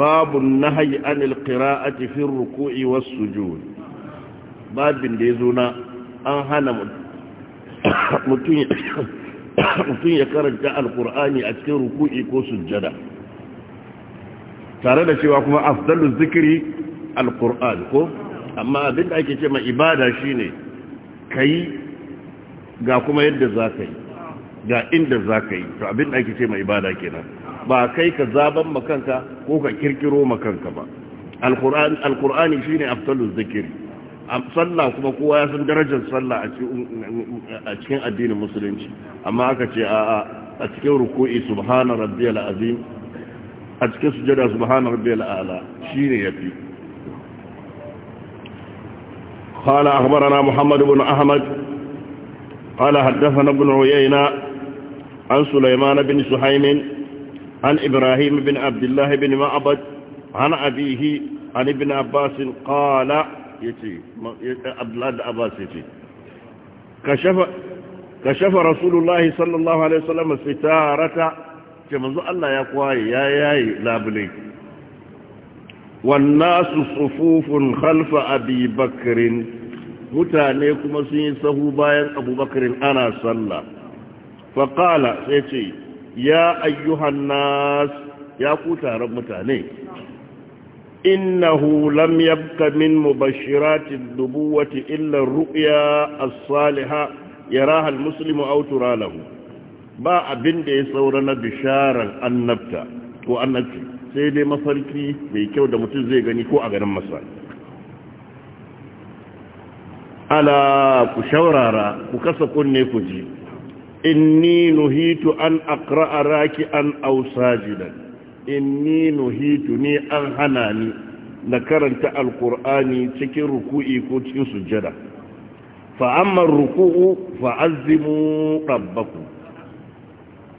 babu nahyi anil qira'ati fi ruku'i was sujud babin da yazo na an hana mutum ya karanta alqur'ani a cikin ruku'i ko sujjada tare da cewa kuma afdalu zikri alqur'an ko amma abinda ake ce ma ibada shine kai ga kuma yadda za ka yi ga inda za ka yi to abinda ake ce ma ibada kenan ba kai ka zaban makanka ko ka kirkiro makanka ba alkur'ani shine afdalul zikiri sallah kuma kowa ya san darajar sallah a cikin addinin musulunci amma aka ce a a cikin ruku'i subhana rabbiyal azim a cikin sujada subhana rabbiyal a'la shine yafi قال أخبرنا محمد بن أحمد قال حدثنا ابن عيينة عن سليمان بن Suhaimin. عن إبراهيم بن عبد الله بن معبد عن أبيه عن ابن عباس قال يتي عبد الله بن عباس يتي كشف كشف رسول الله صلى الله عليه وسلم الستارة كما الله يقوي يا ياي لابلي والناس صفوف خلف أبي بكر mutane kuma sun yi sahu bayan abubakarin ana sallah faƙala sai ce ya ayyuhan nas ya ku taron mutane innahu lam yabqa min mubashiratin dubuwati illa ru'ya as Saliha yaraha al-muslimu aw turalahu ba abin da ya saura na bisharar annabta ko annabci sai dai mafarki mai kyau da mutum zai gani ko a garin masa ala ku shaurara ku kasa kunne ku ji inni nuhitu an aqra'a an aw sajidan inni nuhitu ni an hana ni na karanta alqur'ani cikin ruku'i ko cikin sujjada fa amma ruku'u fa fa'azzimu rabbakum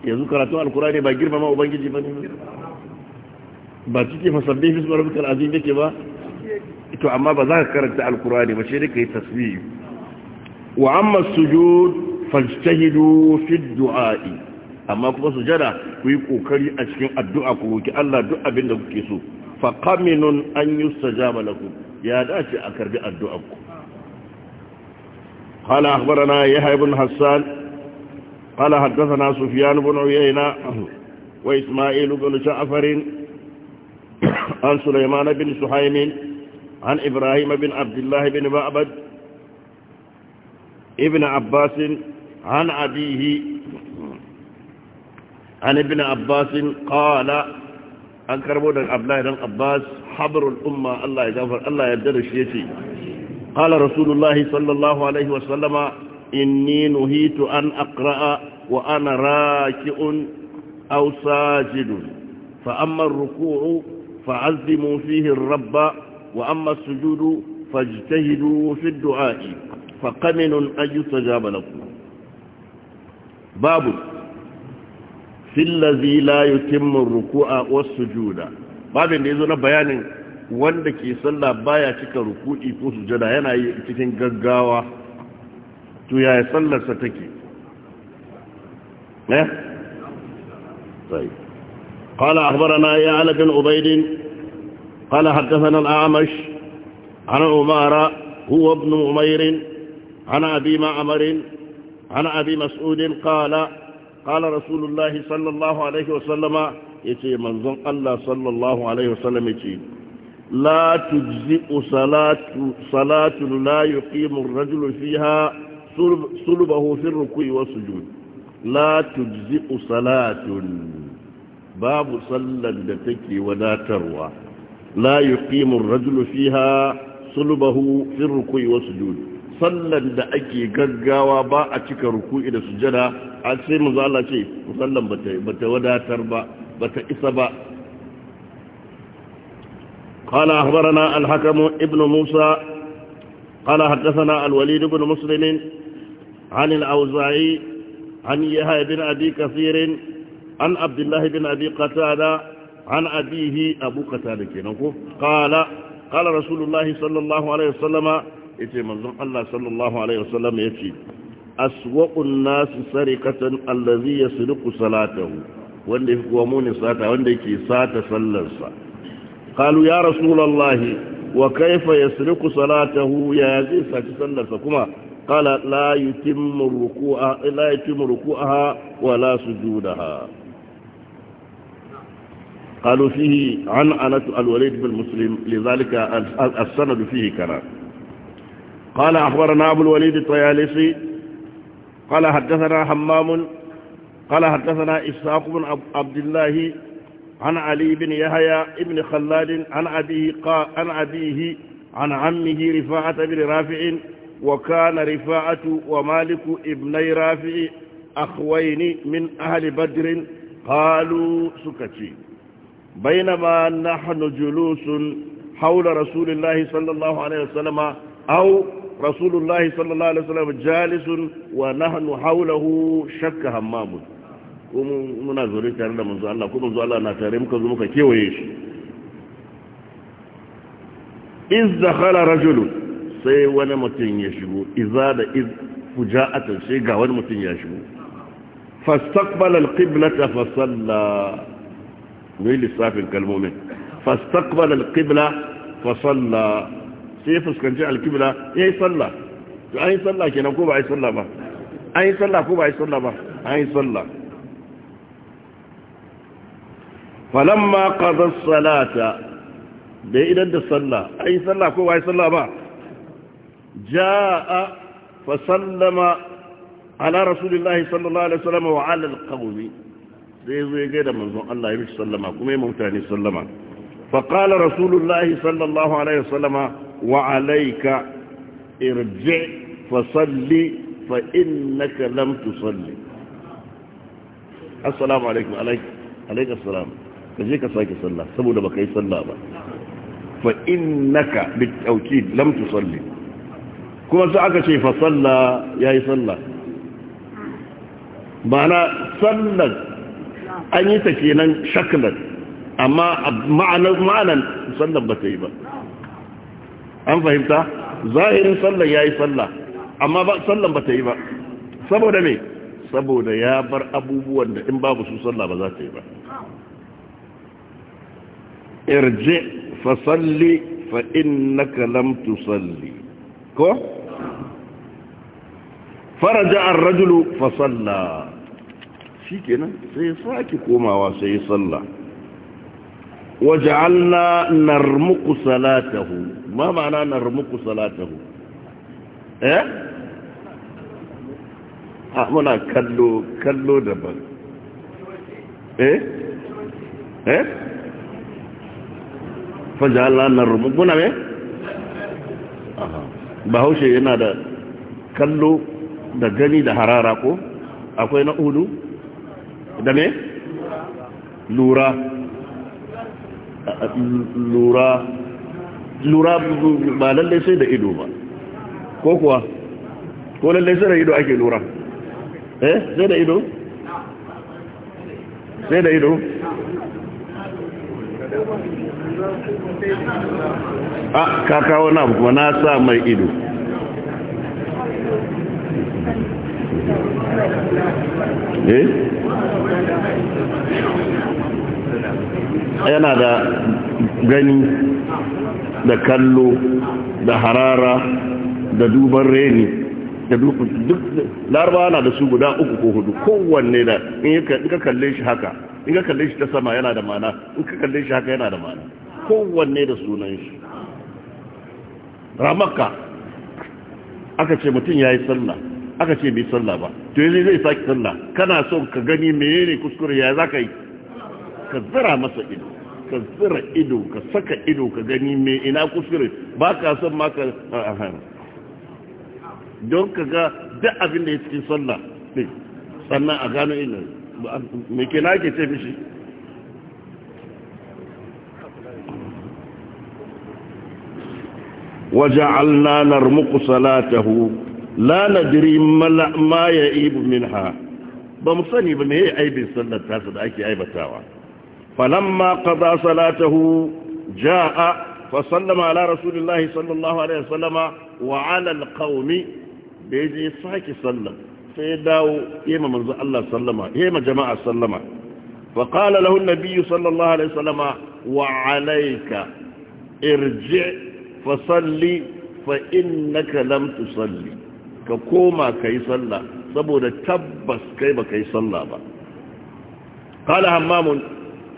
yanzu karatu alqur'ani ba girmama ubangiji bane ba cikin fasabbih bismi rabbikal azim yake ba to amma ba za ka karanta alqur'ani ba sai dai kai tasbih wa amma sujud fajtahidu fi du'a amma kuma sujada ku yi kokari a cikin addu'a ku ki Allah duk abin da kuke so fa qaminun an yusajaba lakum ya dace a karbi addu'a ku qala akhbarana yahya ibn hasan qala hadathana sufyan ibn uyayna wa isma'il ibn ja'far an sulayman ibn suhaym an ibrahim ibn abdullah ibn ba'bad ibn abbas عن أبيه عن ابن عباس قال أنكرمون الأبناء عن عباس حبر الأمة الله يغفر الله يدرش يتي قال رسول الله صلى الله عليه وسلم إني نهيت أن أقرأ وأنا راكع أو ساجد فأما الركوع فعزموا فيه الرب وأما السجود فاجتهدوا في الدعاء فقمن أن يستجاب لكم babu fillazi layu timmin ruku'a wasu sujuda babin da zo na bayanin wanda ke sallah baya cika ruku'i ko sujada yana yi cikin gaggawa to yaya sallar sa take eh طيب قال na يعلى بن Ubaidin, قال حدثنا الأعمش عن عمارة هو ابن عمير ana أبي معمر عن أبي مسعود قال قال رسول الله صلى الله عليه وسلم يتي منظم الله صلى الله عليه وسلم يتي لا تجزئ صلاة, صلاة لا يقيم الرجل فيها صلبه في الركوع والسجود لا تجزئ صلاة باب صلى لتكي ولا تروى لا يقيم الرجل فيها صلبه في الركوع والسجود sallan da ake gaggawa ba a cika ruku'i da sujada a sai manzo Allah ce sallan bata wadatar ba bata isa ba قال أخبرنا الحكم ابن موسى قال حدثنا الوليد بن مسلم عن الأوزاعي عن يحيى بن أبي كثير عن عبد الله بن أبي قتادة عن أبيه أبو قتادة قال قال رسول الله صلى الله عليه وسلم yace manzon Allah sallallahu alaihi wasallam yace aswaqun nas sarikatan allazi yasriqu salatahu wanda fi kuwa muni sata wanda ke sata sallarsa Kalu ya rasulullahi wa kaifa ya yasriqu salatahu ya zai sata sallarsa kuma qala la yutimmu ruku'a la yutimmu ruku'aha wa la sujudaha قالوا فيه عن أنة الوليد بن مسلم لذلك السند فيه كلام قال أخبرنا أبو الوليد الطيالسي قال حدثنا حمام قال حدثنا إسحاق بن عبد الله عن علي بن يحيى بن خلاد عن أبيه قال عن أبيه عن عمه رفاعة بن رافع وكان رفاعة ومالك ابني رافع أخوين من أهل بدر قالوا سكتي بينما نحن جلوس حول رسول الله صلى الله عليه وسلم أو رسول الله صلى الله عليه وسلم جالس ونحن حوله شك همام muna zaune tare da manzo Allah kuma manzo Allah na tare muka zo muka kewaye shi iz dakhala rajulun sai wani mutum ya shigo iza da iz fuja'atan sai ga wani mutum ya shigo fastaqbala alqiblata fa salla ne sai ya fuskanci alkibla ya yi sallah to an yi sallah kenan ko ba a yi sallah ba an yi sallah ko ba a yi sallah ba an yi sallah falamma qada salata da idan da sallah an yi sallah ko ba a yi sallah ba jaa fa sallama ala rasulillahi sallallahu alaihi wasallam wa ala alqawmi sai zo ya gaida manzon Allah ya mishi sallama kuma ya mutane sallama فقال رسول الله صلى الله عليه وسلم وعليك ارجع فصلي فإنك لم تصلي السلام عليكم عليك عليك السلام فجيك سايك صلى سبو دبك اي صلى با فإنك بالتوكيد لم تصلي كما سأك شيء فصلى يا صلى معنى صلى أن يتكينا شكلا أما معنى معنى صلى بتيبا an fahimta zahirin sallar ya yi sallah amma ba sallan ba ta yi ba saboda me saboda ya bar abubuwan da in babu su sallah ba za ta yi ba irje fasalli fa innaka lam tusalli ko faraja ar-rajulu fa salla shikenan sai saki komawa sai sallah waja'alna narmuqu salatahu ma ma'ana salatahu eh a muna kallo kallo daban eh eh muna me bahaushe yana da kallo da gani da harara ko akwai na hudu da me lura lura lura ba lallai sai da ido ba ko kuwa ko lallai sai da ido ake lura eh sai da ido sai da ido ah, a kakawa na kuma na sa mai ido eh yana da gani da kallo da harara da duban reni da duk larba na da su guda uku ko hudu kowanne da in ka kalle shi haka in ka kalle shi ta sama yana da mana in ka kalle shi haka yana da mana kowanne da sunan shi ramaka aka ce mutum ya yi sallah aka ce bai sallah ba to yanzu zai sake sallah kana son ka gani menene kuskure ya za ka yi ka zira masa ido ka tsira ido ka saka ido ka gani mai ina kusuri ba ka san maka ahan don ka ga duk abin da ya cikin sallah ne sannan a gano ina mai ke na ke ce mishi waje allanar muku salatahu lanadiri ma ya ibu min ha ba sani ba ne ya yi aibin sallar tasa da ake aibatawa فلما قضى صلاته جاء فسلم على رسول الله صلى الله عليه وسلم وعلى القوم بيجي ساكي سلم فيداو يما منزل الله سلم يما جماعة سلم فقال له النبي صلى الله عليه وسلم وعليك ارجع فصلي فإنك لم تصلي كقوما كي صلى سبو تبس كيما كي صلى قال همام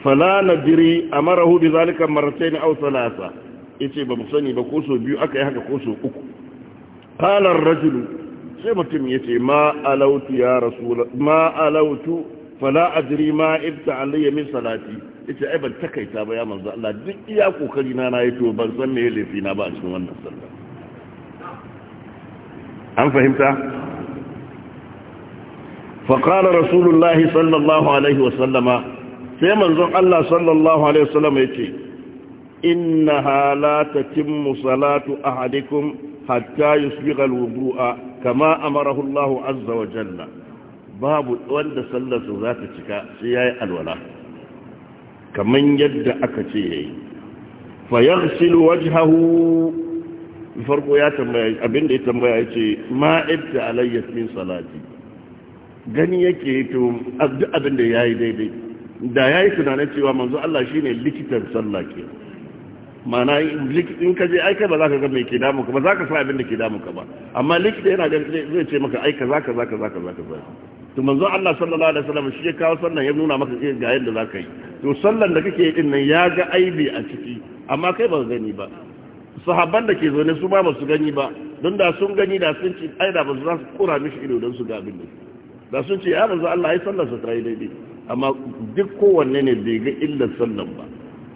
fala nadiri amarahu bi zalika marratayn aw thalatha yace ba mu sani ba ko so biyu aka yi haka ko so uku qala ar-rajul sai mutum yace ma alautu ya rasul ma alautu fala adri ma ibta alayya min salati yace ai ban takaita ba ya manzo Allah duk iya kokari na nayi to ban san me laifi na ba a cikin wannan sallah an fahimta فقال رسول الله صلى الله عليه وسلم sai manzon Allah sallallahu alaihi wasallam yace inna halata tatimmu salatu ahadikum hatta yusbigha wudu'a, kama amarahu Allah azza wa jalla babu wanda sallarsa za ta cika sai yi alwala kaman yadda aka ce yayi fa yaghsilu wajhahu farko ya tambaya abinda ya tambaya yace ma ibta alayya salati gani yake to abin da yayi daidai da ya yi tunanin cewa manzo Allah shi ne likitan sallah ke mana in ka je aika ba za ka ga ke damu ka ba za ka sa abin da ke damu ka ba amma likita yana da zai ce maka aika za ka za ka za ka za ka za to manzo Allah sallallahu alaihi wasallam shi ya kawo sallan ya nuna maka eh, ga yadda za ka yi to sallan da kake yi din nan ya ga aibi a ciki amma kai ba gani ba sahabban da ke zaune su ba ba su gani ba don da sun gani da sun ci ai da ba su za su kura mishi ido don su ga abin da da sun ce ya manzo Allah ai sallar sa ta daidai amma duk kowanne ne bai ga illar sallan ba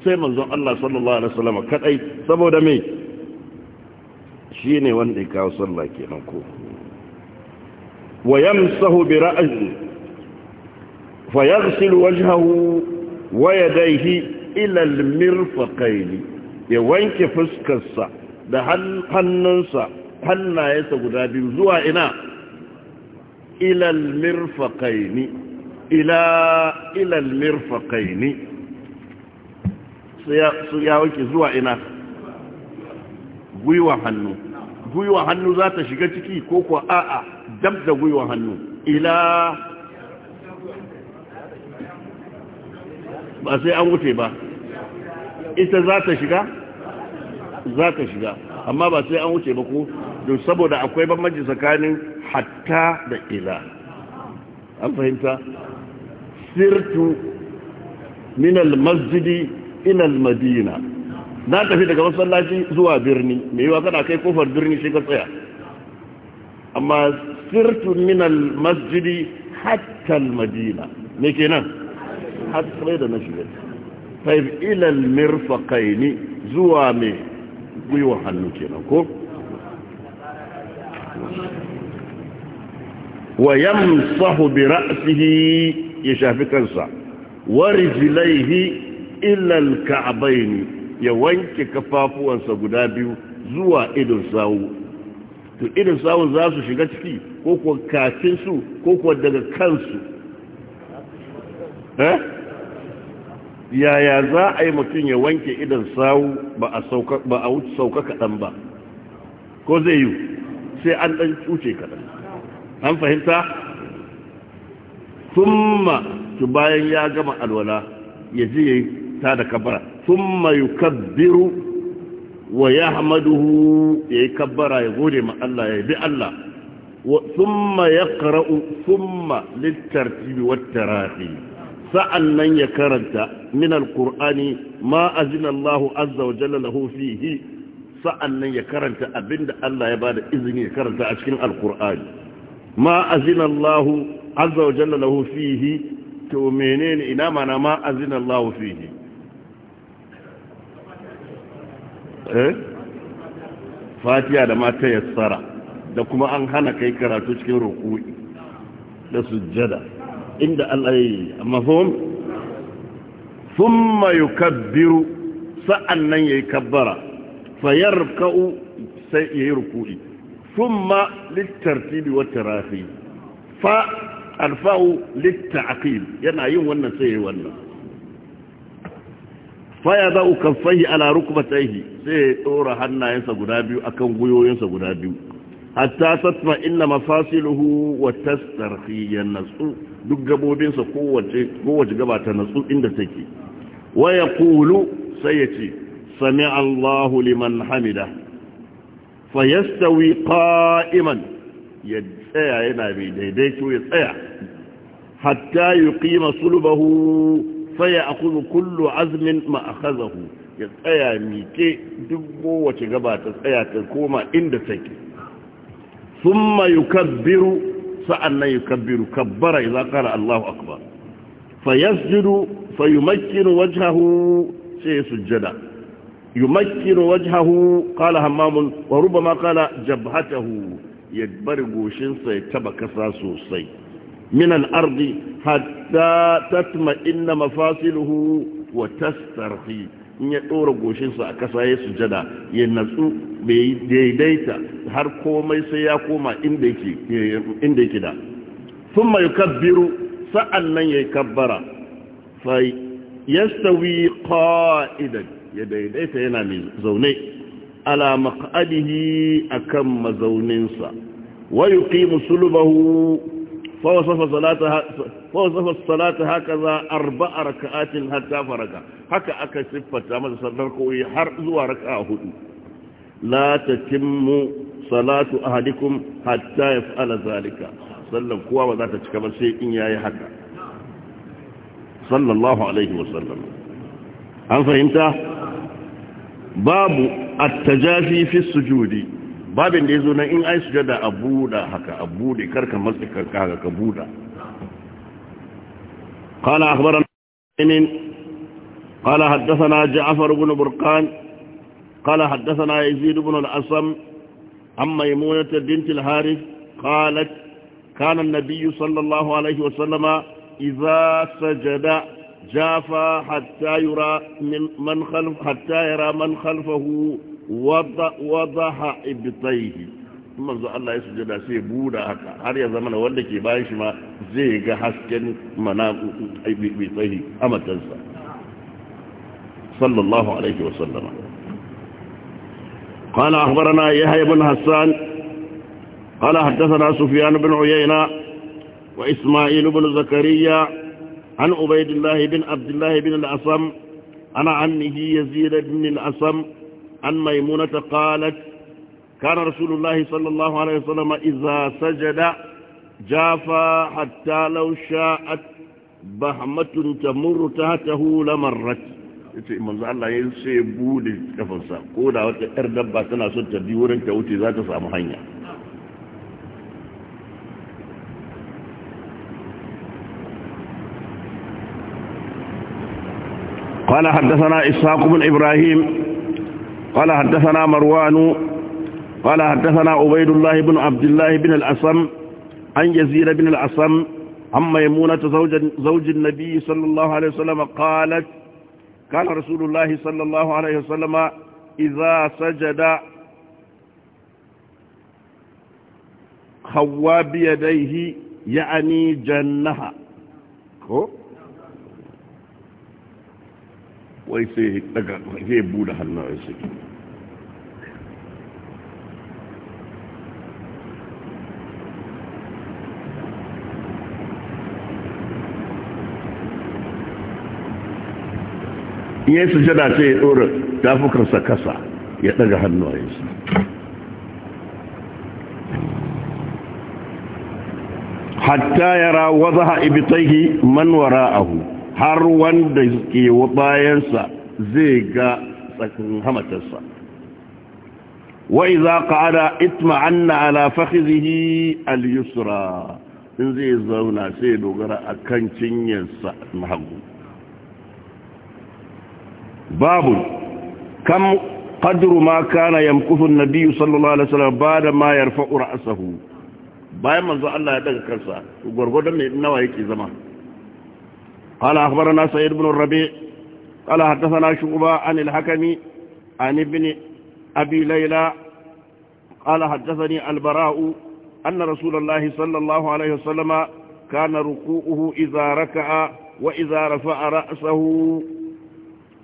sai manzon Allah sallallahu alaihi wasallam kadai saboda me shine wanda ya kawo sallah kenan ko wa bi ra'si fa wajhahu wa yadayhi ila al ya wanke fuskarsa da hannunsa hannayensa guda biyu zuwa ina ilal al ila ilal mirfaqaini su ya wuce zuwa ina gwiwa hannu gwiwa hannu za ta shiga ciki ko kuwa a'a dam da gwiwa hannu ila ba sai an wuce ba ita za ta shiga za ta shiga amma ba sai an wuce ba ko don saboda akwai bambanci tsakanin hatta da ila an fahimta sirtu min almasjidi ila almadina na tafi daga masallaci zuwa birni me yawa kana kai kofar birni sai ka tsaya amma sirtu min almasjidi hatta almadina me kenan har sai da na shiga طيب hannu kenan ko. ويوحنو كنكو ويمصح برأسه ya shafi kansa wa rijlaihi illa al-ka'bayn ya wanke kafafuwansa guda biyu zuwa idon sawu to idon sawu za su shiga ciki ko kuwa kafin su ko kuwa daga kansu eh yaya za a yi mutum ya wanke idon sawu ba a sauka kaɗan ba ko zai yi sai an ɗan cuce kaɗan an fahimta summa su bayan ya gama alwala ya je ta da kabara thumma yukabbiru wa yahmaduhu yayi kabara ya gode ma Allah ya bi Allah ثم يقرأ ثم للترتيب والتراخي sa'annan ya karanta min alkur'ani ma azina Allah azza wa jalla lahu fihi sa'annan ya karanta abinda Allah ya bada izini ya karanta a cikin alkur'ani ma azina azza wa jalla lahu fihi to menene ina mana ma azina Allahu fihi eh fatiha da ma ta da kuma an hana kai karatu cikin ruku'i da sujjada inda Allah yayi mafhum thumma yukabbiru sa'annan yayi kabbara fayarka'u sai yayi ruku'i thumma litartibi wa tarafi fa alfa'u litta'aqil yana yin wannan sai yayi wannan fa ya za'u kaffaihi ala rukbatayhi sai ya dora hannayensa guda biyu akan guyoyinsa guda biyu hatta satma inna mafasiluhu wa tastarhi yanasu duk gabobinsa kowace kowace gaba ta nasu inda take wa yaqulu sai ya ce sami Allahu liman hamida fayastawi qa'iman tsaya yana mai daidaito ya tsaya hatta yuqima sulbahu a ya'khudhu kullu azmin ma ya tsaya mike duk kowace gaba ta tsaya ta koma inda take thumma yukabbiru sa'annan yukabbiru kabbara idza qala Allahu akbar fayasjudu fayumakkinu wajhahu sai sujjada yumakkinu wajhahu kala hammamun. wa rubbama qala jabhatahu ya bar goshinsa ya taba kasa sosai min al-ardi hatta tatma inna mafasiluhu wa tastarhi in ya ɗora goshinsa a kasa ya sujada ya natsu bai daidaita har komai sai ya koma inda yake inda yake da sa'an nan ya yayi kabbara fa yastawi qa'idan ya daidaita yana mai zaune ala maq'adihi akan mazauninsa wa yuqimu sulubahu fa wasafa salataha fa wasafa salata hakaza arba'a raka'atin hatta faraka haka aka siffata masa sallar koyi har zuwa raka a hudu la tatimmu salatu ahadikum hatta yaf'ala zalika sallan kowa ba za ta cika ba sai in yayi haka sallallahu alaihi wasallam an fahimta babu at-tajafi fi sujudi babin da yazo nan in ai sujada a buda haka a bude karka matsi karka haka ka buda qala akhbarana qala haddathana ja'far ibn burqan qala haddathana yazid ibn al-asam amma maymunah bint al-harith qalat kana an-nabiy sallallahu alayhi wa sallama idza sajada جافا حتى يرى من, من خلف حتى يرى من خلفه وضح ابطيه Allah ya sujada sai buda haka har ya zama wanda ke bayan shi ma zai ga hasken mana bi tsayi a matansa sallallahu alaihi wa sallama qala akhbarana yahya ibn hassan qala hadathana sufyan bin uyayna wa isma'il ibn zakariya عن عبيد الله بن عبد الله بن الأصم عن عمه يزيد بن الأصم عن ميمونة قالت كان رسول الله صلى الله عليه وسلم إذا سجد جافا حتى لو شاءت بهمة تمر تحته لمرت yace manzo Allah ya sai bude kafansa ko da wata yar dabba tana son ta bi wurin ta wuce za ta samu hanya قال حدثنا إسحاق بن إبراهيم قال حدثنا مروان قال حدثنا عبيد الله بن عبد الله بن الأسم عن يزيد بن الأسم عن ميمونة زوج, زوج النبي صلى الله عليه وسلم قالت قال رسول الله صلى الله عليه وسلم إذا سجد خوى بيديه يعني جنها wai sai daga zai buɗe hannun su ya yi sujada sai ya ɗora tafukarsa kasa ya ɗaga su hatta yara wazaha manwara a hu har wanda ke bayansa zai ga tsakin hamatarsa wa ada, qa'ada anna ala fakhidhihi al-yusra in zai zauna sai dogara akan cinyarsa na hagu babu kam qadru ma kana yamkuthu an sallallahu alaihi wasallam bada ma yarfa'u ra'sahu bayan manzo Allah ya daga kansa gurgurdan ne nawa yake zama قال أخبرنا سيد بن الربيع قال حدثنا شعبة عن الحكم عن ابن أبي ليلى قال حدثني البراء أن رسول الله صلى الله عليه وسلم كان ركوعه إذا ركع وإذا رفع رأسه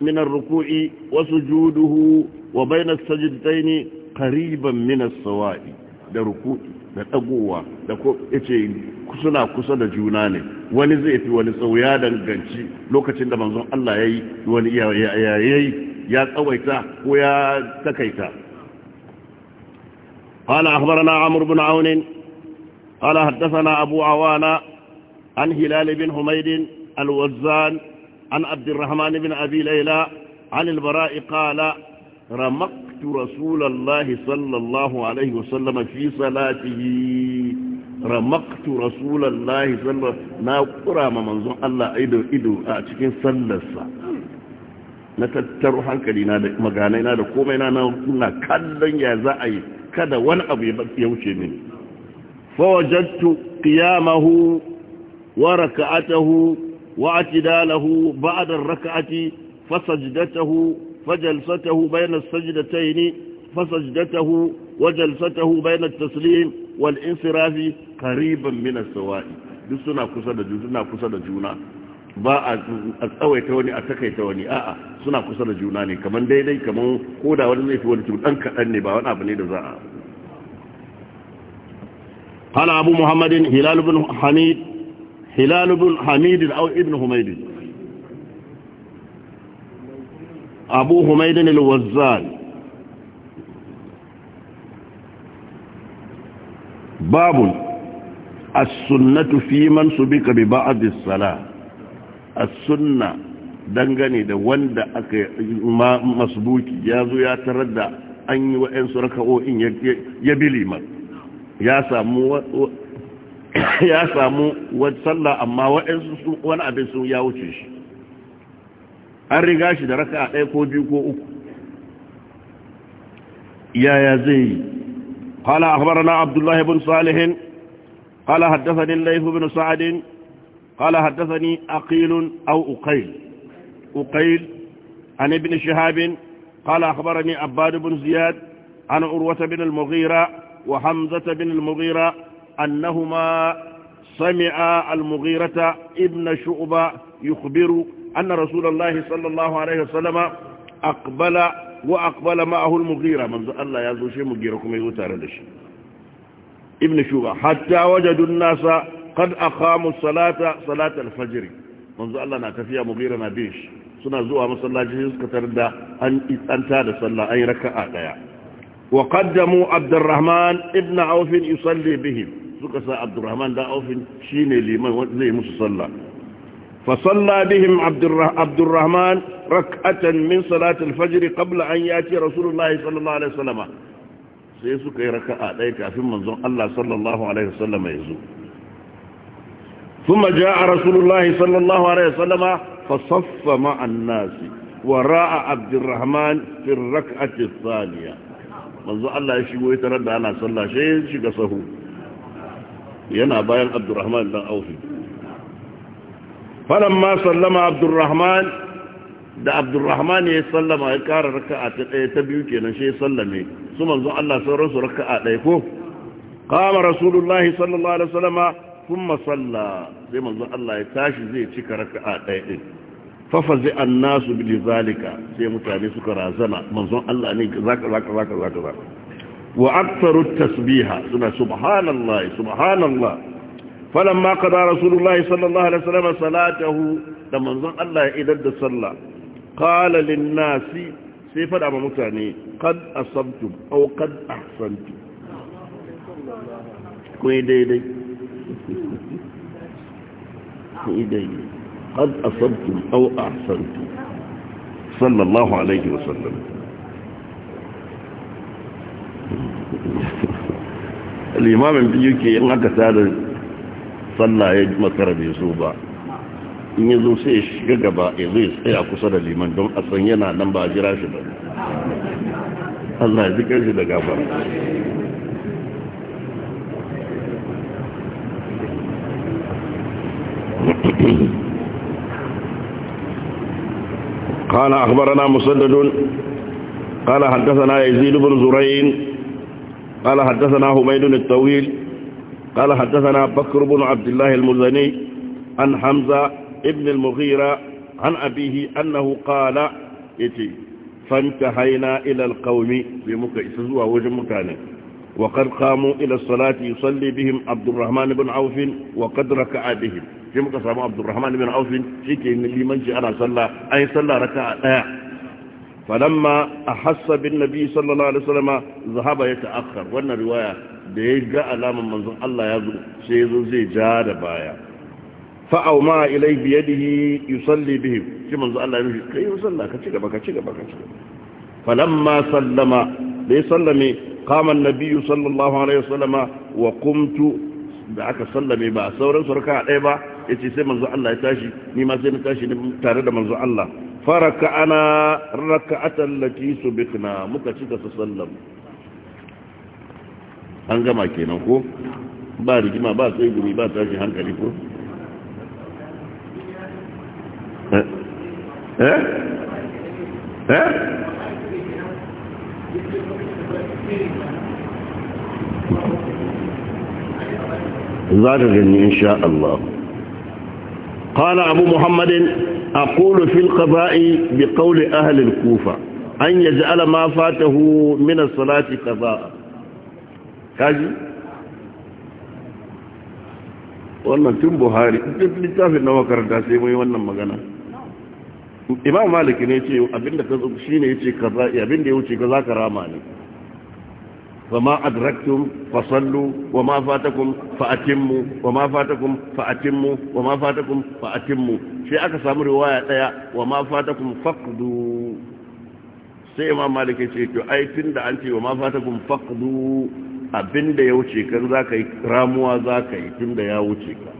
من الركوع وسجوده وبين السجدتين قريبا من السواء ده ركوع ده أقوى ده كو إيه suna kusa da juna ne wani zai fi wani tsawo ya danganci lokacin da manzon Allah ya yi wani yayi ya tsawaita ko ya takaita قال أخبرنا عمرو بن عون قال حدثنا أبو عوانا عن هلال بن حميد الوزان عن عبد الرحمن بن أبي ليلى عن البراء قال رمقت رسول الله صلى الله عليه وسلم في صلاته ramaktu rasulallahi sallar na kurama manzon Allah ido ido a cikin sallarsa na tattaro hankali na da maganai na da komai na na kuna kallon ya za a yi kada wani abu ya wuce mini fawajattu qiyamahu wa raka'atahu wa atidalahu ba'da ar-rak'ati fasajdatahu fajalsatahu bayna as-sajdatayn fasajdatahu وجلسته بين التسليم والانصراف qariban min as-sawa'i duk suna kusa da juna suna kusa da juna ba a tsawaita wani a takaita wani a'a suna kusa da juna ne kamar daidai kaman koda wani zai fi wani dan kaɗan ne ba wani abu ne da za a قال أبو محمد هلال Hamid, حميد هلال بن حميد أو ابن حميد أبو حميد as-sunnatu fi man subika bi ba'd as-salah as-sunna dangane da wanda aka masbuki yazo ya tarar da an yi wa'ansu raka'o'in ya biliman ya samu ya samu wata sallah amma su wani abin sun ya wuce shi an riga shi da raka a ɗaya ko biyu ko uku yaya zai yi قال أخبرنا na Abdullahi bin Salihin. قال حدثني الليث بن سعد قال حدثني أقيل أو أقيل أقيل عن ابن شهاب قال أخبرني عباد بن زياد عن أروة بن المغيرة وحمزة بن المغيرة أنهما سمع المغيرة ابن شعبة يخبر أن رسول الله صلى الله عليه وسلم أقبل وأقبل معه المغيرة من الله يزوشي مغيركم يغتار لشي ibn shuba hatta wajadun nasa qad aqamu salata salatal fajr manzo Allah na tafiya mugira na bish suna zuwa masallaci suka tarda an itsanta da sallah ay raka'a daya wa qaddamu abdurrahman ibn auf yusalli bihim suka sa abdurrahman da auf shine liman zai musu sallah فصلى بهم عبد الرحمن ركعة من صلاة الفجر قبل أن يأتي رسول الله صلى الله عليه وسلم sai suka yi raka'a ɗaya kafin manzon Allah sallallahu alaihi wasallama ya zo kuma ja a rasulullahi sallallahu alaihi wasallama fa saffa ma annasi wa ra'a abdurrahman fi raka'ati thaniya manzon Allah ya shigo da ana sallah shi ya shiga sahu yana bayan abdurrahman dan aufi falamma sallama abdurrahman da abdurrahman ya sallama ya kara raka'a ta ɗaya ta biyu kenan shi ya sallame su manzon Allah sauran su raka a ɗaya ko kama rasulullahi sallallahu alaihi wasallam thumma salla sai manzon Allah ya tashi zai cika raka a ɗaya din fa fazi annasu bi zalika sai mutane suka razana manzon Allah ne zaka zaka zaka zaka wa aktharu tasbiha suna subhanallah subhanallahi subhanallahi فلما قضى رسول الله صلى الله عليه وسلم Allah ya انظر da sallah الصلاة قال للناس sai fada ma mutane kad asabtum aw kad ahsantum ko daidai ko daidai kad asabtum aw ahsantum sallallahu alaihi wasallam limamin biyu ke yan aka tsarin sallah ya makara bai so ba in ya zo sai ya shiga gaba ya zai tsaya kusa da liman don a san yana nan ba a jira shi ba Allah ya zikar shi da gaba قال أخبرنا مسدد قال حدثنا يزيد بن زرين قال حدثنا هميد الطويل قال حدثنا بكر بن عبد الله المزني عن حمزة ابن المغيرة عن أبيه أنه قال إتي فانتهينا إلى القوم بمكعسزوا وجمكانا وقد قاموا إلى الصلاة يصلي بهم عبد الرحمن بن عوف وقد ركع بهم جمك سامو عبد الرحمن بن عوف شكي إن لي منشي أنا صلى أي صلى ركع آه فلما أحس بالنبي صلى الله عليه وسلم ذهب يتأخر وانا رواية da ya ga alaman manzon Allah ya zo sai ya zo zai ja da baya fa'au ma ilai biyadihi yusalli bihim shi manzu Allah ya nufi kai sallah ka ci gaba ka ci gaba ka ci gaba falamma sallama da ya sallame na biyu sallallahu alaihi wasallama wa qumtu da aka sallame ba sauran surka ɗaya ba yace sai manzu Allah ya tashi ni ma sai na tashi tare da manzu Allah faraka ana raka raka'atan su subikna muka cika su sallam an gama kenan ko ba rigima ba sai gumi ba tashi hankali ko eh eh, eh? za ka gani insha Allah قال أبو محمد أقول في القضاء بقول أهل الكوفة أن يجعل ما فاته من الصلاة قضاء كاجي wannan tun buhari duk littafin na makaranta sai mai wannan magana imam malik ne ce abinda ka shi shine yace kaza abinda ya wuce ka zaka rama ne وما أدركتم فصلوا وما فاتكم فأتموا وما فاتكم فأتموا وما فاتكم فأتموا شيء أكسام رواية وما fatakum faqdu sai imam malik ce to ai tun da an ce wa ma fata faqdu abinda ya wuce kan zaka yi ramuwa zaka yi tun da ya wuce ka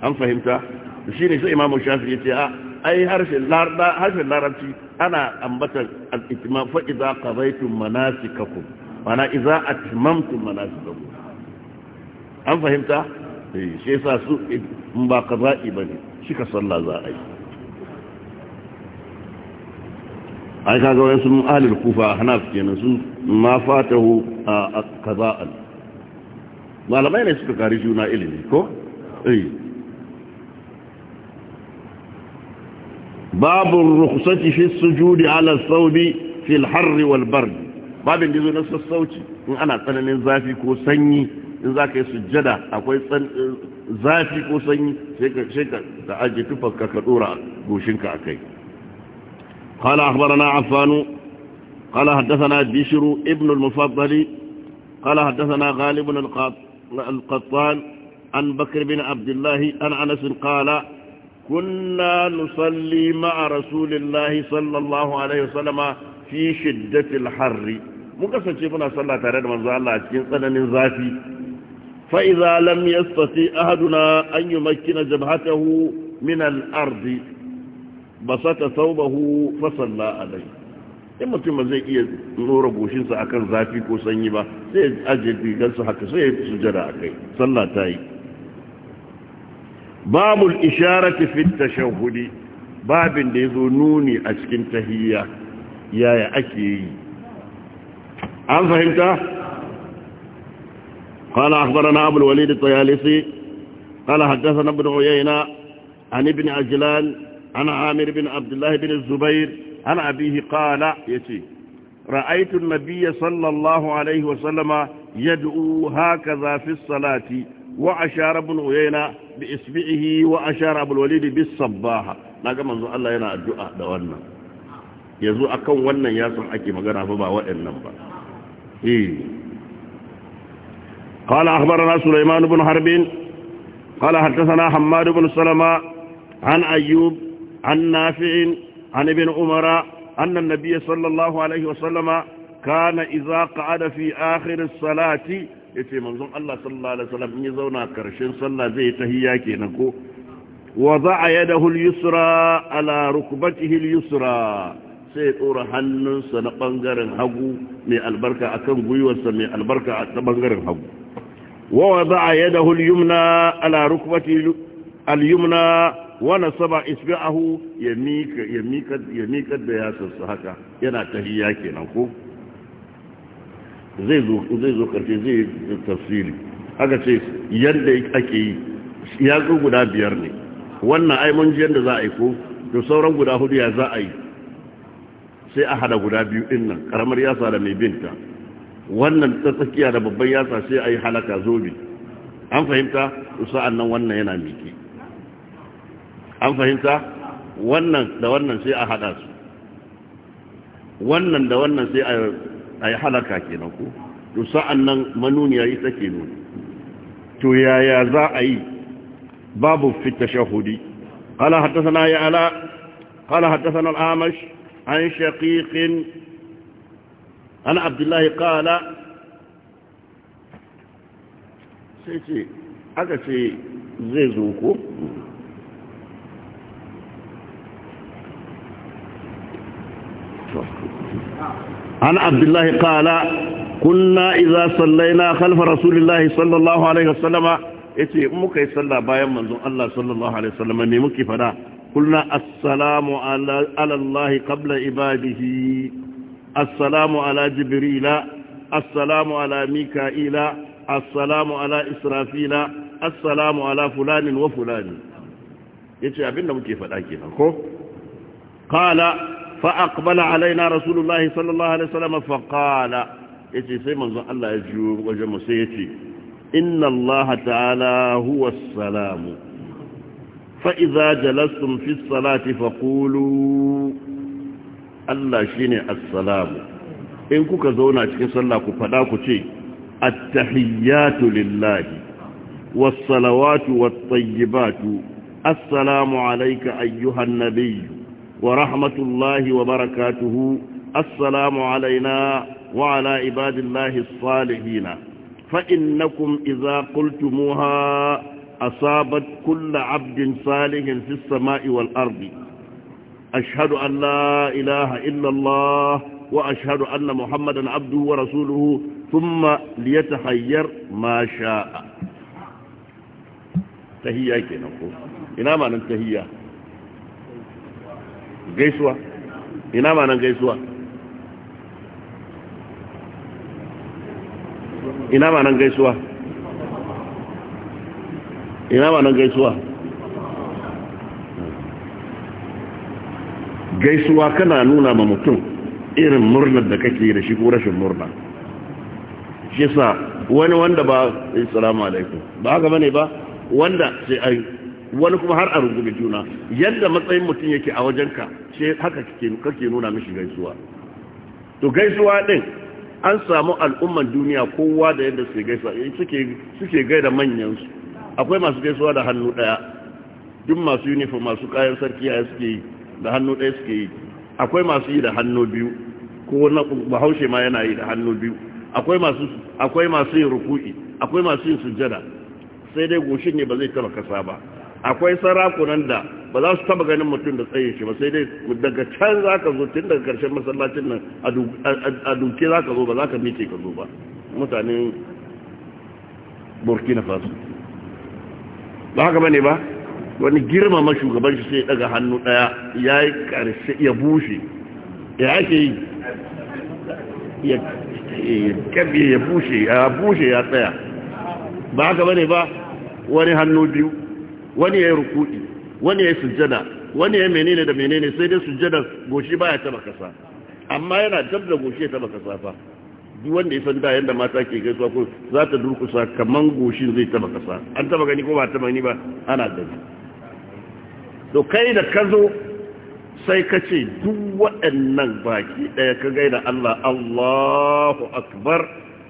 an fahimta shine sai imam shafi ya ce a ah, ai harfin larabci ana ambatar fa idza qadaytum manasikakum mana idza atmamtum manasikakum an fahimta eh, shi yasa su in ba qada'i ba ne shi ka sallah za a yi ai ka ga sun alil kufa hanaf kenan su ma fatahu a kaza'an malamai ne suka kari juna ilimi ko? eh باب الرخصة في السجود على الثوب في الحر والبرد باب يجوز نفس الصوت إن أنا تنين زافي كو سني إن ذاك السجدة أكوي سن زافي sanyi sai ka ajiye tufarka ka dora goshinka قال أخبرنا عفان قال حدثنا بشر ابن المفضل قال حدثنا غالب القطان عن بكر بن عبد الله عن أنس قال كنا نصلي مع رسول الله صلى الله عليه وسلم في شدة الحر مكسن شفنا صلى تارد من زال الله أتكين صنن زافي فإذا لم يستطيع أحدنا أن يمكن جبهته من الأرض بسط ثوبه فصلى عليه in mutum ba zai iya nora goshinsa akan zafi ko sanyi ba sai ajiye rigarsa haka sai ya sujada a kai sallah ta yi باب الإشارة في التشهد باب da yazo أسكن تهيا يا يا أكي ake فهمت قال أخبرنا أبو الوليد الطيالسي قال حدثنا ابن عيينة عن ابن عجلان عن عامر بن عبد الله بن الزبير عن أبيه قال يتي رأيت النبي صلى الله عليه وسلم يدعو هكذا في الصلاة وأشار ابن عيينة bi isbi'ihi wa ashara abul walid bis sabbaha naga manzo Allah yana addu'a da wannan yanzu akan wannan yasin ake magana fa ba waɗannan ba eh قال أخبرنا سليمان بن حرب قال حدثنا حماد بن سلمة عن أيوب عن نافع عن ابن عمر أن النبي صلى الله عليه وسلم كان إذا قعد في آخر الصلاة ya ce manzon Allah sallallahu Alaihi wasallam yi zauna karshen sallah zai yi hiya kenan ko wa za a yada hulisura ala rukubati hulisura sai tsoron hannunsa na ɓangaren hagu mai albarka a gwiwarsa mai albarka a ɓangaren hagu wa za a yada hulyumna ala rukubati alyumna wani saba isbi'ahu ya mika da yasansa haka yana tahiya kenan ko zai zo zai zo karshe zai tafsiri aka ce yadda ake yi ya zo guda biyar ne wannan ai mun ji yadda za a yi ko to sauran guda hudu ya za a yi sai a hada guda biyu din nan karamar yasa da mai binta wannan ta tsakiya da babban yasa sai a yi halaka zobe an fahimta sa'an nan wannan yana miki an fahimta wannan da wannan sai a hada su wannan da wannan sai a a yi kenan ko? na sa'an nan annan manuniya yi take nuni to yaya za a yi babu fita shahudi ala hatasana ya ala ala hatasana Amash, an shaƙiƙin ana abdullahi ƙala sai ce aka ce zai zo ko عن عبد الله قال كنا إذا صلينا خلف رسول الله صلى الله عليه وسلم yace in muka yi sallah bayan manzon Allah sallallahu alaihi wasallam me muke fada kulna assalamu ala Allah qabla ibadihi assalamu ala jibrila assalamu ala mika'ila assalamu ala israfila assalamu ala fulanin wa fulani yace abinda muke fada kenan ko qala فأقبل علينا رسول الله صلى الله عليه وسلم فقال يتي سيما زن الله يجيو وجمه سيتي إن الله تعالى هو السلام فإذا جلستم في الصلاة فقولوا الله شيني السلام إن كوكا زونا تكي صلى كفداكو تي التحيات لله والصلوات والطيبات السلام عليك أيها النبي ورحمة الله وبركاته السلام علينا وعلى عباد الله الصالحين فإنكم إذا قلتموها أصابت كل عبد صالح في السماء والأرض أشهد أن لا إله إلا الله وأشهد أن محمدا عبده ورسوله ثم ليتحير ما شاء تهيئك نقول إلى ما ننتهيئ gaisuwa ina ma nan gaisuwa ina ma nan gaisuwa ina ma nan gaisuwa gaisuwa kana nuna ma mutum irin murnar da kake da shi ko rashin murna shi sa wani wanda ba assalamu alaikum ba haka bane ba wanda sai ai wani kuma har a rungume juna yadda matsayin mutum yake a wajenka ce haka kake nuna mishi gaisuwa to gaisuwa din an samu al'umman duniya kowa da yadda suke gaisuwa eh, suke suke gaida manyansu akwai masu gaisuwa da hannu daya duk masu uniform masu kayan sarki ya suke yi da hannu daya suke yi akwai masu yi da hannu biyu ko na bahaushe ma yana yi da hannu biyu akwai masu akwai masu yin ruku'i akwai masu yin sujjada sai dai goshin ne ba zai taba kasa ba akwai sarakunan da ba za su taba ganin mutum da tsaye shi ba sai dai daga can za ka zo tun daga karshen masallacin nan a duke za ka zo ba za ka mice ka zo ba mutanen burkina faso ba haka bane ba wani girmama shugaban shi sai daga hannu daya ya yi karshe ya bushe ya ake yi ya bushe ya tsaya ba haka bane ba wani hannu biyu wani ya yi rukudi wani ya yi sujjada wani ya yi menene da menene sai dai sujjada goshi baya taba kasa amma yana dab da goshi ya taba kasa fa duk wanda ya san da yanda mata ke gaisuwa ko za ta durkusa kaman goshin zai taba kasa an taba gani ko ba taba gani ba ana gani to kai da ka zo sai ka ce duk waɗannan baki ɗaya ka gaida Allah Allahu akbar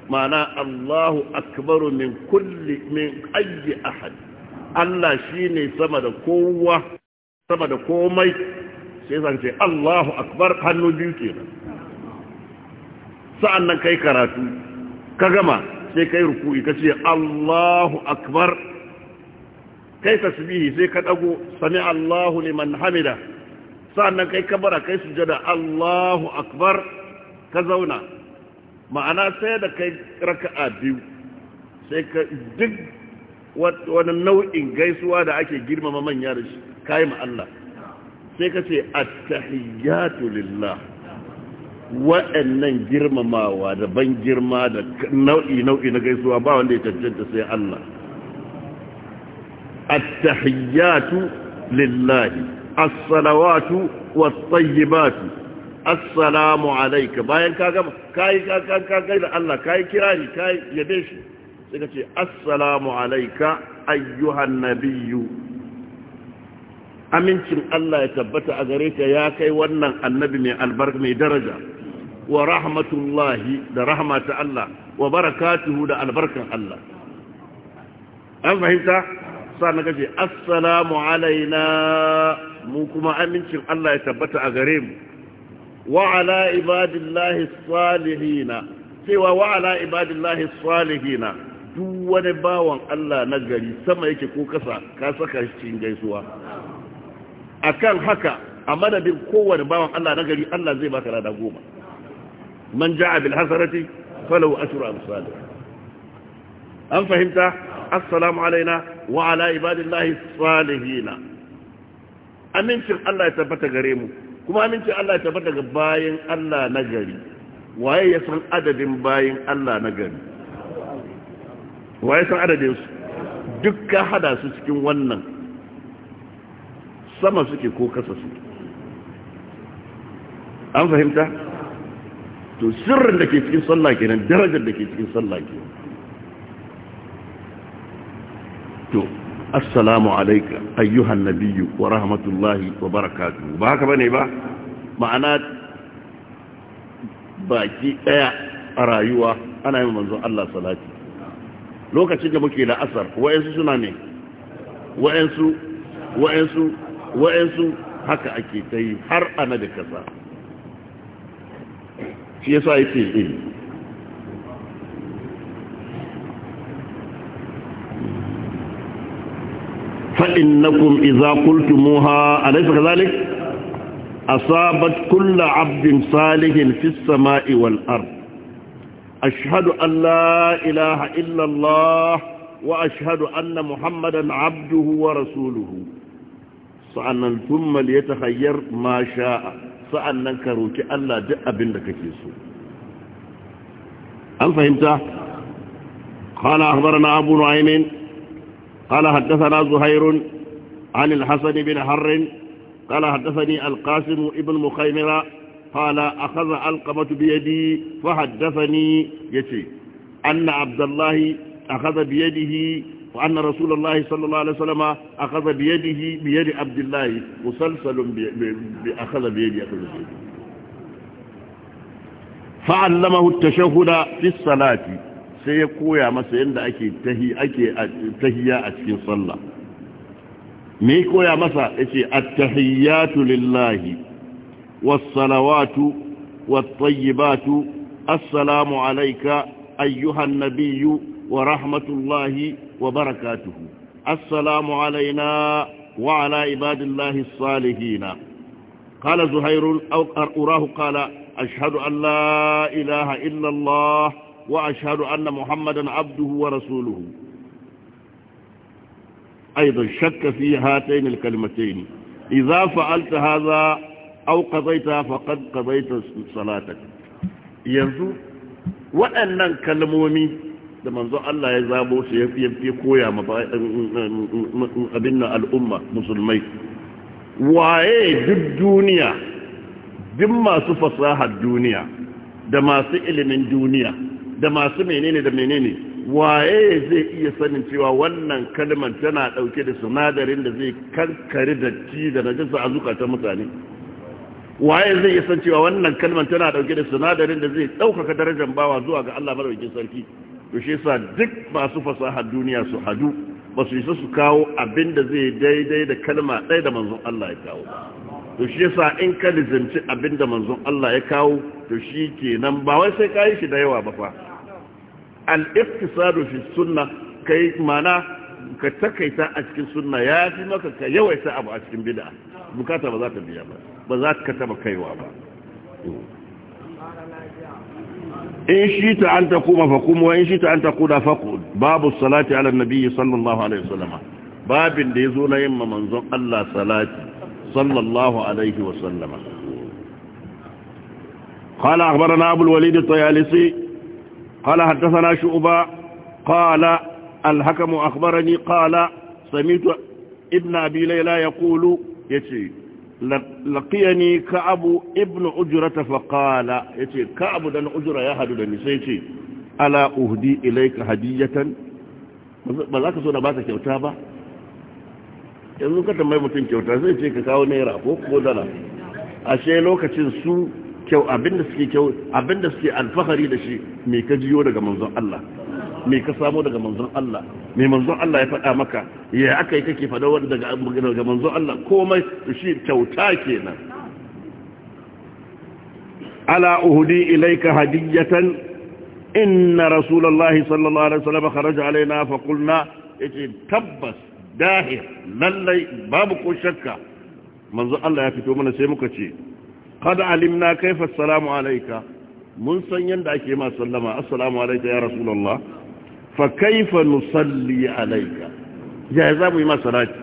ma'ana Allahu akbaru min kulli min ayyi ahad Allah shi ne sama da kowa sama da komai sai zance Allahu akbar hannu biyu ke sa'an nan kai karatu ka gama sai kai ruku'i ce Allahu akbar kai tasbihi sai ka dago sami Allahu liman hamida nan kai kabara kai sujada Allahu akbar ka zauna ma'ana sai da kai raka'a biyu sai ka duk wani nau'in gaisuwa da ake girmama manya da shi kayi ma Allah sai ka ce attahiyatu lillah wa'annan girmamawa da ban girma da nau'i nau'i na gaisuwa ba wanda ya cancanta sai Allah attahiyatu lillahi as-salawatu was assalamu alayka bayan ka gama kai ka kai da Allah kai kirari kai yabe shi suka ce assalamu alaika ayyuhan nabiyyu amincin Allah ya tabbata a gare ka ya kai wannan annabi mai albarka mai daraja wa rahmatullahi da rahmata Allah wa barakatuhu da albarkan Allah an fahimta sa na gaje assalamu alaina mu kuma amincin Allah ya tabbata a gare mu wa ala ibadillahi salihina cewa wa ala ibadillahi salihina duk wani bawan Allah na gari sama yake ko kasa ka saka shi cikin gaisuwa akan haka a madadin kowane bawan Allah na gari Allah zai baka rada goma man ja'a bil hasanati falahu ashru amsal an fahimta assalamu alaina wa ala ibadillahi salihin amincin Allah ya tabbata gare mu kuma amincin Allah ya tabbata ga bayin Allah na gari waye ya san adadin bayin Allah na gari waye san adadin su duk ka hada su cikin wannan sama suke ko kasa su an fahimta to sirrin da ke cikin sallah kenan darajar da ke cikin sallah kenan to assalamu alayka ayyuhan nabiyyu wa rahmatullahi wa barakatuh ba haka bane ba ma'ana baki daya a rayuwa ana yin manzon Allah salati lokacin da muke la'asar wa'yansu suna ne wa'yansu wa'yansu wa'yansu haka ake ta yi har ana da kasa shi yasa yake ilmi فإنكم إذا قلتموها أليس كذلك أصابت كل عبد salihin في السماء والأرض أشهد أن لا إله إلا الله وأشهد أن محمدا عبده ورسوله فأن ثم ليتخير ما شاء فأن ننكره أن لا جأب لك كيسو هل فهمت؟ قال أخبرنا أبو نعيم قال حدثنا زهير عن الحسن بن حر قال حدثني القاسم ابن مخيمرة kala a kaza alkamatu biya di fahaddasa ni ya ce anna abdullahi a kaza biya dihi wa anna rasulallahi sallallahu alaihi salama a kaza biya dihi biya di abdullahi musalsalin a kaza biya di aka zafi fa’allama hutta shahuda salati sai ya koya masa yadda ake tahiyya a cikin sallah. Me ya koya masa ya ce, lillahi. والصلوات والطيبات السلام عليك أيها النبي ورحمة الله وبركاته السلام علينا وعلى عباد الله الصالحين قال زهير أو أراه قال أشهد أن لا إله إلا الله وأشهد أن محمدا عبده ورسوله أيضا شك في هاتين الكلمتين إذا فعلت هذا au qadaita faqad yanzu waɗannan kalmomi da manzo Allah ya zabo su ya fiye koya ma abin nan al'umma musulmai waye duk duniya duk masu fasahar duniya da masu ilimin duniya da masu menene da menene waye zai iya sanin cewa wannan kalmar tana ɗauke da sinadarin da zai kankare datti da najasa a ta mutane waye zai san cewa wannan kalmar tana dauke da sinadarin da zai daukaka darajar bawa zuwa ga Allah madaukakin sarki to shi yasa duk masu fasaha duniya su hadu ba su isa su kawo abin da zai daidai da kalma ɗaya da manzon Allah ya kawo to shi yasa in ka lizanci abin da manzon Allah ya kawo to shi kenan ba wai sai kayi shi da yawa ba fa al-iqtisadu fi sunna kai mana ka takaita a cikin sunna ya fi maka ka yawaita abu a cikin bid'a bukata ba za ta biya ba ba za ka taba kaiwa ba in shi ta an ta kuma fakum wa in shi ta an ta kuda fakud babu salati ala nabiyyi sallallahu alaihi wasallama babin da yazo na yin manzon Allah salati sallallahu alaihi wasallama قال أخبرنا أبو الوليد الطيالسي قال حدثنا شعبا قال الحكم أخبرني قال سمعت ابن أبي ليلى يقول يتي laƙiyani ka abu ibn ujura ta faƙala ya ce ka da na ujura ya hadu da nisai ce ala uhudi ilaika hadiyatan ba za ka so na ba ta kyauta ba yanzu ka mai mutum kyauta zai ce ka kawo naira ko ko dala lokacin su kyau abinda suke suke alfahari da shi mai ka jiyo daga manzon Allah me ka samo daga manzon Allah me manzon Allah ya faɗa maka ya aka yi kake faɗa wanda daga daga manzon Allah komai shi kyauta kenan ala uhdi ilayka hadiyatan inna rasulullahi sallallahu alaihi wasallam kharaja alaina fa qulna yace tabbas dahir lallai babu ko shakka manzon Allah ya fito mana sai muka ce qad alimna kayfa assalamu alayka mun san yanda ake ma sallama assalamu alayka ya rasulullah fa kaifa nusalli alayka ya za mu yi masa salati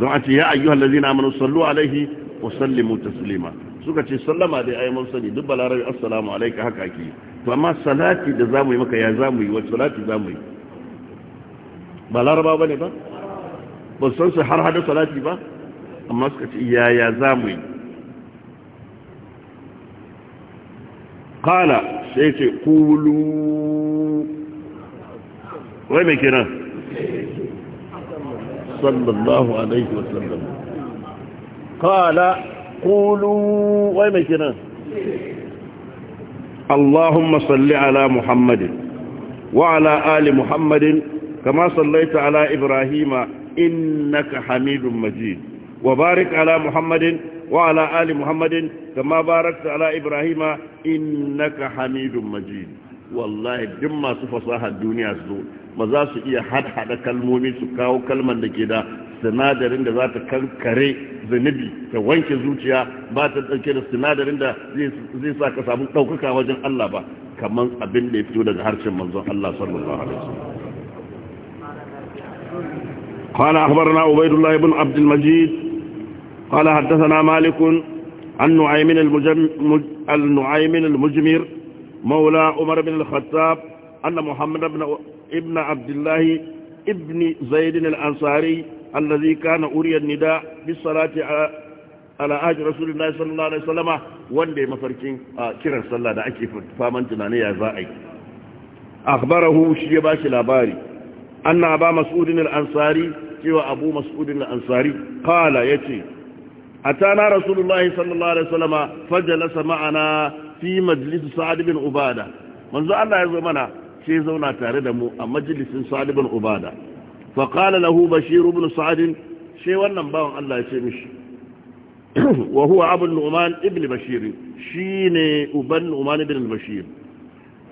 don a ce ya ayyuhal ladzina amanu sallu alaihi wa sallimu taslima suka ce sallama dai ayi mun sani duk balarabi assalamu alayka haka ake to amma salati da zamu yi maka ya zamu yi wa salati zamu yi ba laraba bane ba ba san su har hada salati ba amma suka ce ya ya zamu yi kala sai ce kulu wai mai kiran sallallahu alaihi wasallam kala kulu wai mai kiran اللهم صل على محمد وعلى آل محمد كما صليت على إبراهيم hamidun حميد مجيد وبارك ala Muhammadin. وعلى آل محمد كما باركت على إبراهيم إنك حميد مجيد والله جمع تفصاها الدنيا الزول مزاس إيا حد حد كلمومي سكاو كلمة كده sinadarin da za ta kankare zunubi ta wanke zuciya ba ta ɗauke da sinadarin da zai sa ka samu ɗaukaka wajen Allah ba kamar abin da ya fito daga harshen manzon Allah sallallahu alaihi wasallam قال أخبرنا عبيد الله بن عبد قال حدثنا مالك عن نعيم المجم المجمر مولى عمر بن الخطاب أن محمد بن ابن عبد الله ابن زيد الأنصاري الذي كان أري النداء بالصلاة على آج رسول الله صلى الله عليه وسلم وندي مفركين كرا صلى الله عليه وسلم فامن تنانيا زائي أخبره شيباش الأباري أن أبا مسعود الأنصاري كيو أبو مسعود الأنصاري قال يتي أتانا رسول الله صلى الله عليه وسلم فجلس معنا في مجلس سعد بن عبادة منذ الله يزمنا شيء زونا تاردمو مجلس سعد بن عبادة فقال له بشير بن سعد شيء ونباو الله يسمش وهو عبد النعمان ابن بشير شين أبن نعمان بن البشير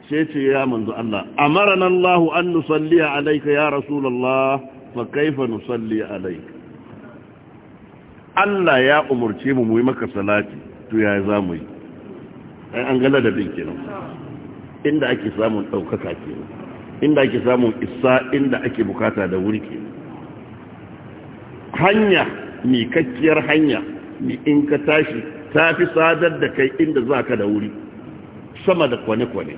شيء يا منذ الله أمرنا الله أن نصلي عليك يا رسول الله فكيف نصلي عليك Allah ya umurce mu mu yi maka salati to ya za mu yi ai an gala da bin kenan inda ake samun ɗaukaka kenan inda ake samun isa inda ake bukata da wuri kenan hanya mi kakkiyar hanya mi in ka tashi ta fi sadar da kai inda za ka da wuri sama da kwane-kwane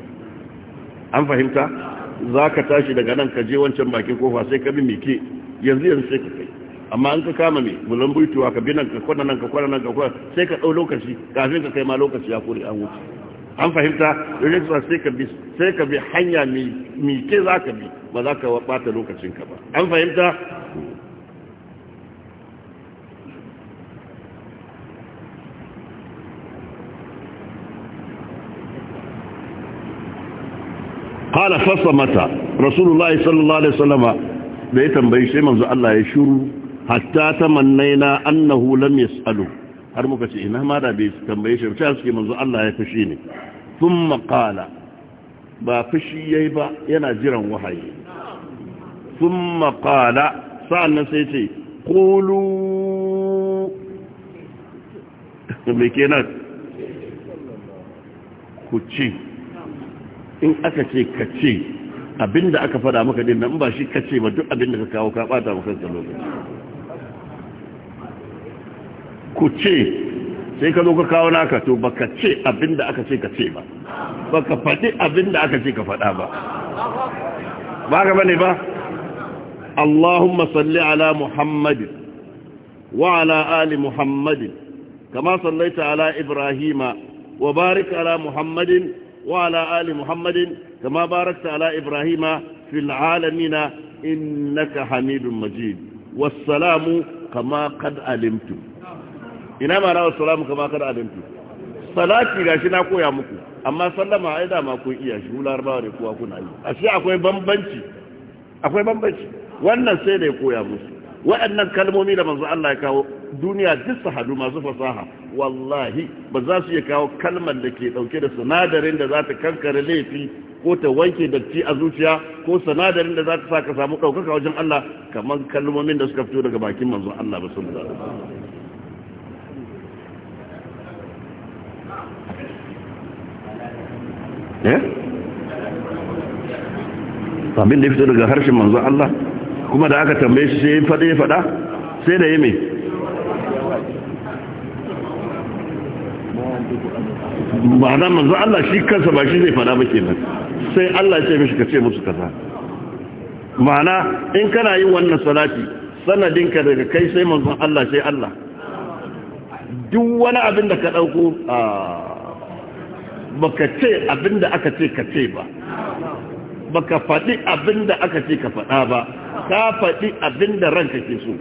an fahimta za ka tashi daga nan ka je wancan bakin kofa sai ka bi mike yanzu yanzu sai ka kai amma an ka kama mai mulan buituwa ka bi nan ka kwana nan ka kwana nan ka kwana sai ka ɗau lokaci kafin ka kai ma lokaci ya kuri an wuce an fahimta rikisa sai ka bi hanya mai ke za ka bi ba za ka ɓata lokacinka ba an fahimta Kala fassa mata Rasulullah sallallahu alaihi Wasallama وسلم da ya tambayi sai manzo Allah ya shuru hatta na, annahu lam yasalu har muka ce ina ma da bai tambaye shi ba suke manzo Allah ya fushi ne thumma qala ba fushi yayi ba yana jiran wahayi thumma qala sa'annan sai ce qulu me kenan ku ce in aka ce ka ce abinda aka fada maka din nan ba shi ka ce ba duk abinda ka kawo ka bata maka lokaci ku ce sai ka zo ka kawo naka to baka ce abinda aka ce ka ce ba baka faɗi abinda aka ce ka faɗa ba ba ka bane ba Allahumma salli ala Muhammad wa ala ali Muhammad kama sallaita ala Ibrahima wa barik ala Muhammadin wa ala ali Muhammadin kama barakta ala Ibrahima fil alamin innaka Hamidum Majid والسلام كما قد علمتم ina ma na salamu kama kada adamtu salati gashi na koya muku amma sallama ai dama kun iya shi hula bawa ne kuwa kuna yi ashe akwai bambanci akwai bambanci wannan sai da ya koya musu waɗannan kalmomi da manzo Allah ya kawo duniya duk sahadu masu fasaha wallahi ba za su iya kawo kalmar da ke dauke da sinadarin da za ta kankare laifi ko ta wanke datti a zuciya ko sinadarin da za ta sa ka samu ɗaukaka wajen Allah kamar kalmomin da suka fito daga bakin manzo Allah ba sun da Eh? abin da ya fito daga harshen manzon Allah kuma da aka tambaye shi sai faɗe ya faɗa sai da ya mai ba na manzon Allah shi kansa ba shi zai faɗa ba kenan sai Allah ya ce mishi ka ce musu kaza ma'ana in kana yin wannan salati sanadinka daga kai sai manzon Allah sai Allah duk wani abin da ka ɗauko a ah, baka ce abinda aka ce ka ce ba baka faɗi abinda aka ce ka faɗa ba ka faɗi abinda ranka ke so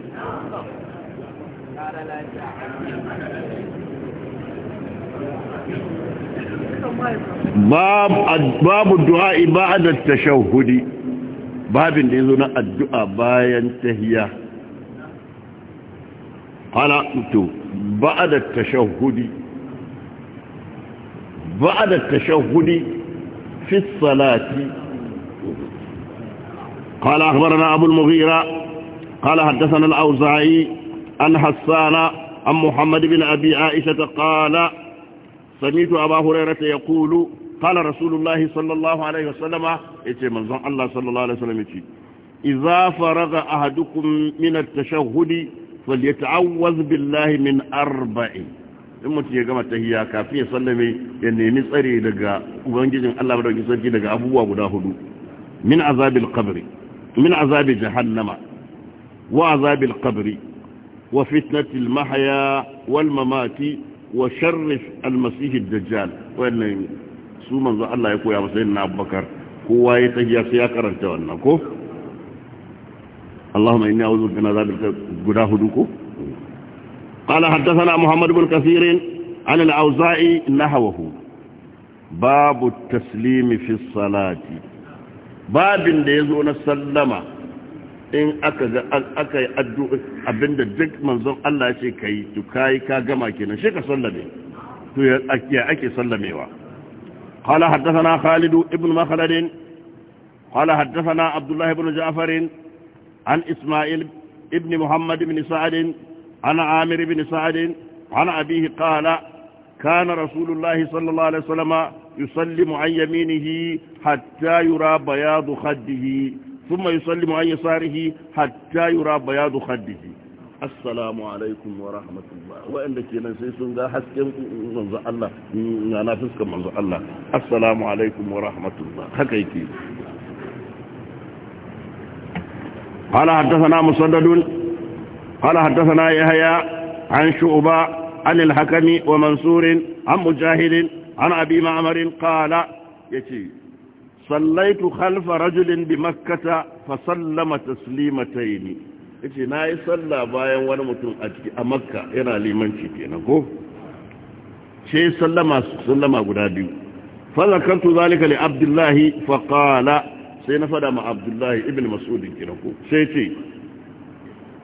babu du'a'i da tashahhudi babin da yazo na addu'a bayan tahiyya qala to ba'da hudi. بعد التشهد في الصلاة قال أخبرنا أبو المغيرة قال حدثنا الأوزعي عن حسان عن محمد بن أبي عائشة قال سمعت أبا هريرة يقول قال رسول الله صلى الله عليه وسلم إتي الله صلى الله عليه وسلم إذا فرغ أحدكم من التشهد فليتعوذ بالله من أربعين in mutum ya gama tahiya kafin ya sallame ya nemi tsare daga ubangijin Allah madaukakin sarki daga abubuwa guda hudu min azabil qabri min azabi jahannama wa azabil qabri wa fitnatil mahya wal mamati wa sharrif al masih ad dajjal wannan su manzo Allah ya koya masa yin Abubakar kowa ya tahiya sai ya karanta wannan ko Allahumma inni a'udhu bika min azabil guda hudu ko قال حدثنا محمد بن كثير عن الأوزائي نهوه باب التسليم في ya zo na sallama, in aka ga an aka yi addu'a abinda duk manzon Allah ya ce kai to kai ka gama kenan shi ka sallame to ya ake sallamewa qala haddathana Khalid ibn Makhlad qala haddathana Abdullah ibn Ja'far an Isma'il ibn Muhammad ibn Sa'ad عن عامر بن سعد عن أبيه قال كان رسول الله صلى الله عليه وسلم يسلم عن يمينه حتى يرى بياض خده ثم يسلم عن يساره حتى يرى بياض خده assalamu alaikum wa rahmatullah wa'anda kenan sai sun ga hasken manzo Allah na fuskar manzo Allah assalamu alaikum wa rahmatullah haka yake قال حدثنا مسدد قال حدثنا يحيى عن شعبة عن الحكم ومنصور عن مجاهد عن أبي معمر قال يتي صليت خلف رجل بمكة فسلم تسليمتين yace na yi sallah bayan wani mutum a makka yana limanci kenan ko ce sallama sallama guda biyu fazakartu zalika li abdullahi faqala sai na fada ma abdullahi ibn mas'ud kenan ko ce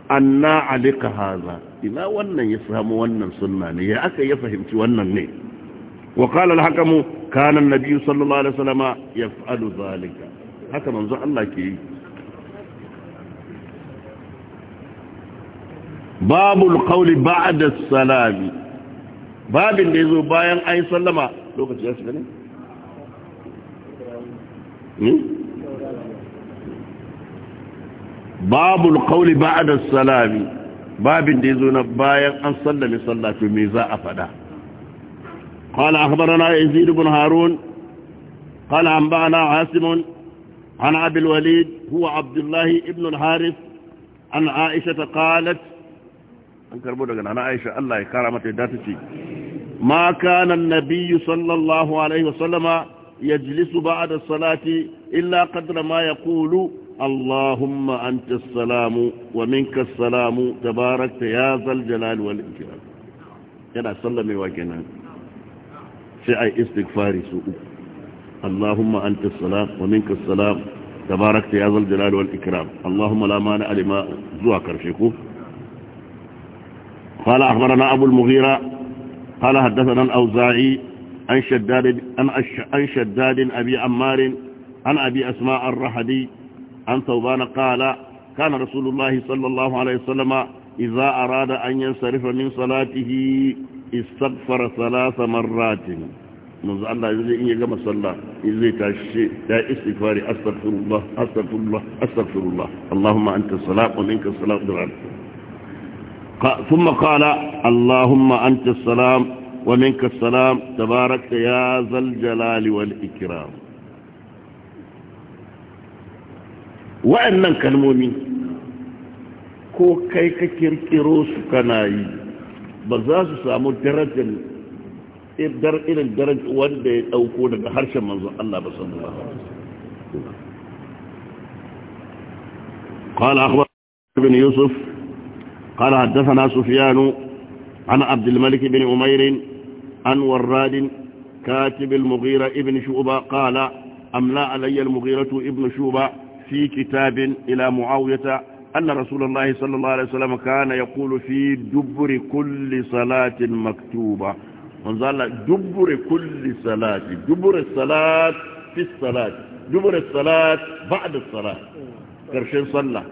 anna alika haza ina wannan ya samu wannan sunna ne ya aka ya fahimci wannan ne wa qala al-hakamu kana an-nabi sallallahu alaihi wasallam yaf'alu zalika haka manzo Allah ke yi babul qawli ba'da as-salami babin da yazo bayan ayi sallama lokaci ya shiga ne hmm? babul kauli ba da salami babin da ya zo na bayan an sallami sallafi mai za a fada kwallon akabarana ya zidu harun kwallon ba na hasimun an abilwalid huwa abdullahi ibnul haris an aisha ta kalat an karbo daga na aisha allah ya kara mata yadda ta ce ma kanan nabiyu sallallahu alaihi wasallama ya jilisu ba da salati illa kadra ma ya kulu اللهم أنت السلام ومنك السلام تبارك يا ذا الجلال والإكرام yana sallamewa kenan sai ai istighfari su Allahumma anta salam wa minka salam tabarakta ya zal jalal ikram Allahumma la mani zuwa karshe ko qala akhbarana abu al-mughira qala hadathana al-awza'i an shaddad an shaddad abi an abi asma ar an saubana kala kana rasulullahi sallallahu alaihi wasallama iza arada an yin sarifa min salatihi istagfara salasa marratin manzo Allah zai iya gama sallah zai tashi ya istighfari astaghfirullah astaghfirullah astaghfirullah allahumma anta salatu minka salatu dar ثم قال اللهم أنت السلام ومنك السلام تبارك يا ذا الجلال والإكرام wa'annan kalmomi ko kai ka kirkiro su kana yi ba za su samu darajar ibdar irin darajar wanda ya dauko daga harshen manzon Allah ba sallallahu alaihi wasallam قال أخبر بن يوسف قال حدثنا سفيان عن عبد الملك بن أمير عن وراد كاتب المغيرة ابن شعبة قال أملا علي المغيرة ابن شعبة في كتاب إلى معاوية أن رسول الله صلى الله عليه وسلم كان يقول في دبر كل صلاة مكتوبة وانزال دبر كل صلاة دبر الصلاة في الصلاة دبر الصلاة بعد الصلاة كرشين صلى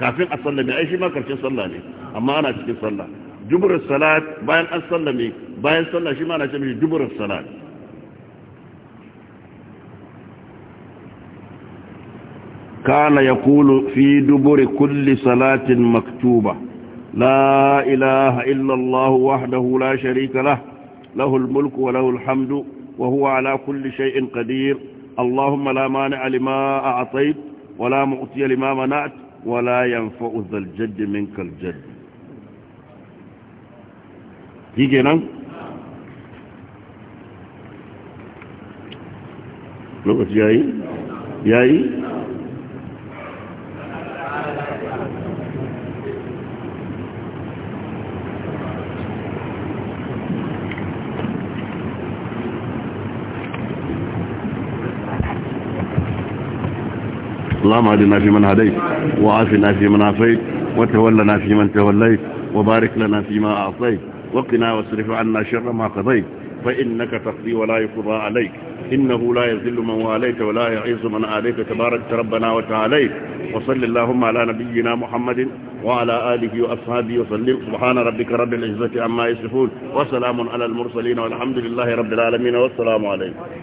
كافين أصلى بأي شيء ما كرشين صلى لي أما أنا أتكي صلى دبر الصلاة باين أصلى لي باين صلى شيء ما أنا أتكي دبر الصلاة كان يقول في دبر كل صلاة مكتوبة لا إله إلا الله وحده لا شريك له له الملك وله الحمد وهو على كل شيء قدير اللهم لا مانع لما أعطيت ولا معطي لما منعت ولا ينفع ذا الجد منك الجد يجي نعم لغة جاي جاي اللهم أدنا في من هديت وعافنا في من عافيت وتولنا في من توليت وبارك لنا فيما أعطيت وقنا واصرف عنا شر ما قضيت فإنك تقضي ولا يقضى عليك إنه لا يذل من واليت ولا يعيز من آليت تبارك ربنا وتعاليت وصل اللهم على نبينا محمد وعلى آله وأصحابه وسلم سبحان ربك رب العزة عما يصفون وسلام على المرسلين والحمد لله رب العالمين والسلام عليكم